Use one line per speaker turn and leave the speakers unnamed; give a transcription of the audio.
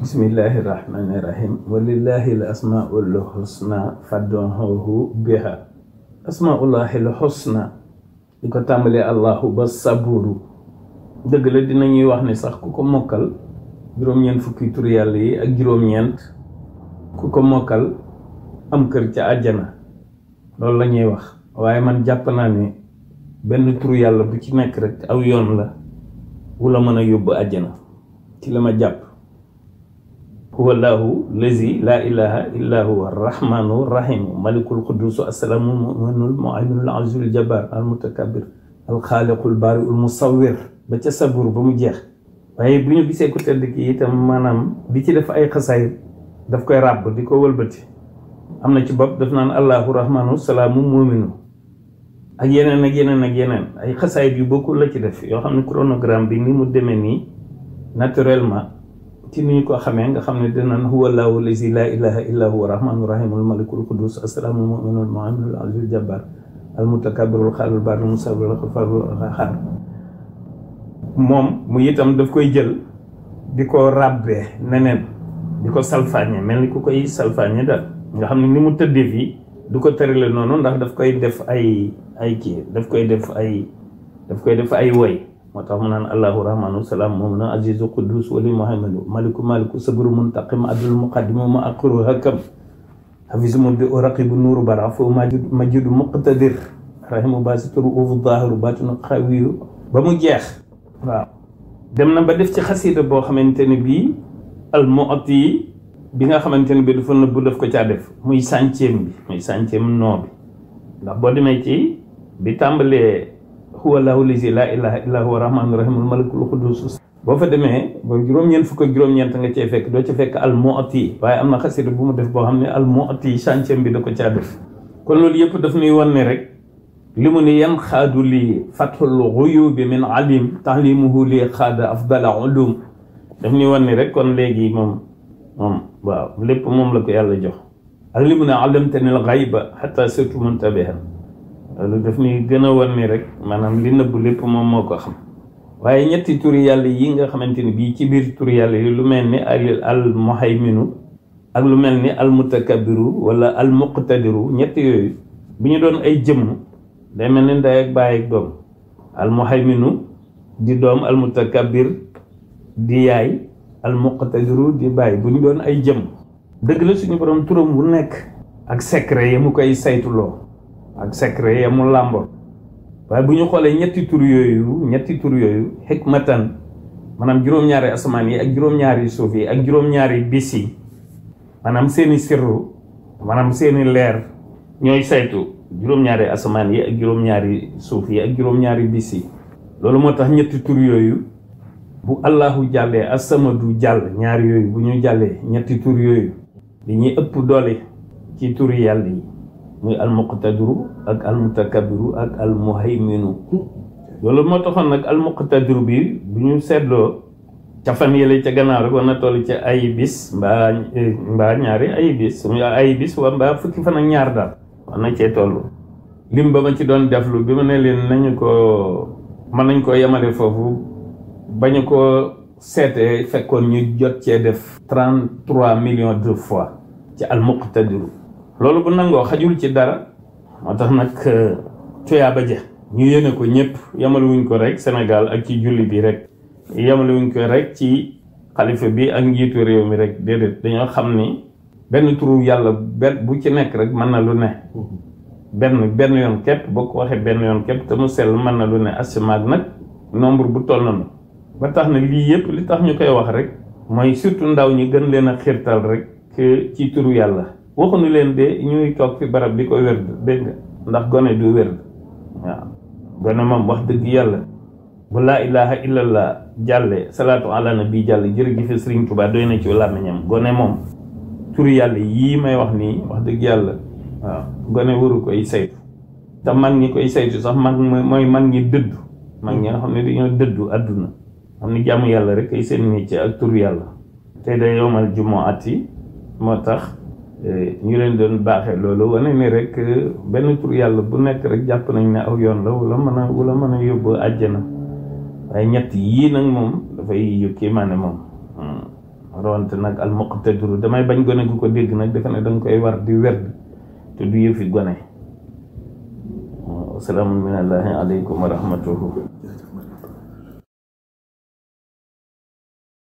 بسم الله الرحمن الرحيم ولله الأسماء الحسنى فادعوه بها أسماء الله Allahu ba saburu deug la dinañuy wax ni sax ku mokal juroom ñen fukki tur yalla yi ak juroom mokal am kër ajana. aljana wah. lañuy wax waaye man jàpp naa ni ben tur yàlla bu ci aw yoon la ma هو الله الذي لا إله إلا هو الرحمن الرحيم ملك القدوس السلام المؤمن المؤمن العزيز الجبار المتكبر الخالق البارئ المصور ba ca sabur ba mu jeex waaye bu ñu gisee ku tedd ki itam maanaam di ci def ay xasaay daf koy ràbb di ko wëlbati am na ci bopp daf naan allahu rahmanu salaamu muuminu ak yeneen ak yeneen ak yeneen ay xasaay yu bokkul la ci def yoo xam ne chronogramme bi ni mu demee nii naturellement ci ni ñu ko xamee nga xam ne dinañ huwa llahu lazi laa ilaha illa huwa rahmaanu rahim al malikul qudus assalaamu muminul muaminul azizul jabbar al mutakabirul xaalul baarul musawwirul xafaarul xaar moom mu itam daf koy jël di ko ràbbee neneen di ko salfaañe mel ni ku koy salfaañe daal nga xam ne ni mu tëddee fii du ko tërale noonu ndax daf koy def ay ay kii daf koy def ay daf koy def ay woy وتمنى الله رحمن السلام ممن عزيز قدوس ولي مهيمن ملك مالك صبر منتقم عدل المقدم ومأقر هكم حفظ مبدئ رقيب النور برعف مجد مقتدر رحم باسط رؤوف الظاهر باطن قوي بمجيخ waaw dem na ba def ci xasida boo xamante ne bii almu'ti bi nga xamante ne bii dafa nëbbu daf ko caa def muy centième bi muy centième noo bi ndax boo demee ci bi tàmbalee هو الله الذي لا اله الا هو الرحمن الرحيم الملك القدوس بو فا ديمي با جوروم نين فوك جوروم نين تاغا تي فيك دو تي فيك الموتي واي امنا خسيد بو مو ديف بو خامني الموتي شانتيم بي داكو تيا ديف كون لول ييب داف ني واني ريك لمن ينخاد لي فتح الغيوب من عليم تعليمه لي خاد افضل علوم داف ني واني ريك كون ليغي موم موم واو ليب موم لاكو يالا جوخ علمنا علمتني الغيب حتى صرت منتبها loolu daf ñuy gën a wan ni rek maanaam li nëbbu lépp moom moo ko xam waaye ñetti turi yàlla yi nga xamante ni bii ci biir turi yàlla yi lu mel ni al al muhayminu ak lu mel ni al mutakabiru wala al muqtadiru ñetti yooyu bu ñu doon ay jëmm day mel ni ndey ak baay ak doom al di doom al mutakabir di yaay al muqtadiru di baay bu ñu doon ay jëmm dëgg la suñu borom turam wu nekk ak secret yi mu koy saytuloo ak secret ya mu lambo waaye buñu xolé ñetti tur yoyu ñetti tur yoyu hikmatan manam juroom ñaari asman yi ak juroom ñaari suuf yi ak juroom ñaari bisi manam seeni sirru manam seeni leer ñoy saytu juroom ñaari asman yi ak juroom ñaari suuf yi ak juroom ñaari bisi lolu motax ñetti tur yoyu bu allahu jàllee asamadu jall ñaar yoyu bu jalle jàllee ñetti tur yooyu ñi ëpp doole ci turi yalla muy almuqtadiru ak almutakabiru ak almuhayminu loolu moo taxoon nag almuqtadiru bi bu ñu seetloo ca fan yële ca gannaaw rek war na toll ci ay bis mbaa mbaa ñaari ay bis ay bis waa mbaa fukki fan ak ñaar daal war na cee toll lim ba ma ci doon deflu bi ma ne leen nañu ko mën nañ koo yemale foofu bañu ko seete fekkoon ñu jot cee def trent trois millions de fois ci almuqtadiru lolou bu nangoo xajul ci dara motax nak euh, tuya ba je ñu yene ko yamal wuñ ko rek senegal ak ci julli bi rek wuñ ko rek ci khalifa bi ak njiitu rew mi rek dedet dañu xamni ben turu yalla ben bu ci nek rek man na lu ne ben ben yon kep boo ko waxee benn yoon képp te mu sel man na lu ne asimaag nak nombre bu toll ba tax na li yëpp li tax ñu wax rek moy surtout ndaw ñi gën leena xirtal rek ci turu yalla waxuñu leen de ñuy toog fi barab bi ko wérd dégg nga ndax gone du wérd waaw gone moom wax dëgg yàlla bu laa ilaha illallah jàlle salaatu ala nabi jàlle jërëjëfe Sëriñ Tuubaa doy na ci làmmiñam gone moom tur yàlla yii may wax nii wax dëgg yàlla waaw gone waru koy saytu te mag ñi koy saytu sax mag mooy mag ñi dëddu mag ñi nga xam ne dañoo dëddu àdduna xam ne jàmm yàlla rek ay seen métier ak turu yàlla te da yowmal jumaati moo tax ñu leen doon baaxee loolu wane ni rek euh, benn tur yàlla bu nekk rek jàpp nañ ne aw yoon la wala mën a wala mën a yóbbu àjjana waaye ñett yii nag moom dafay yëkkee maa ne moom hmm. rawante nag al muqtadiru damay bañ gone gu ko dégg nag defe ne danga koy war di werd te du yëfi gone asalaamu minallaahi aleykum wa rahmatuhu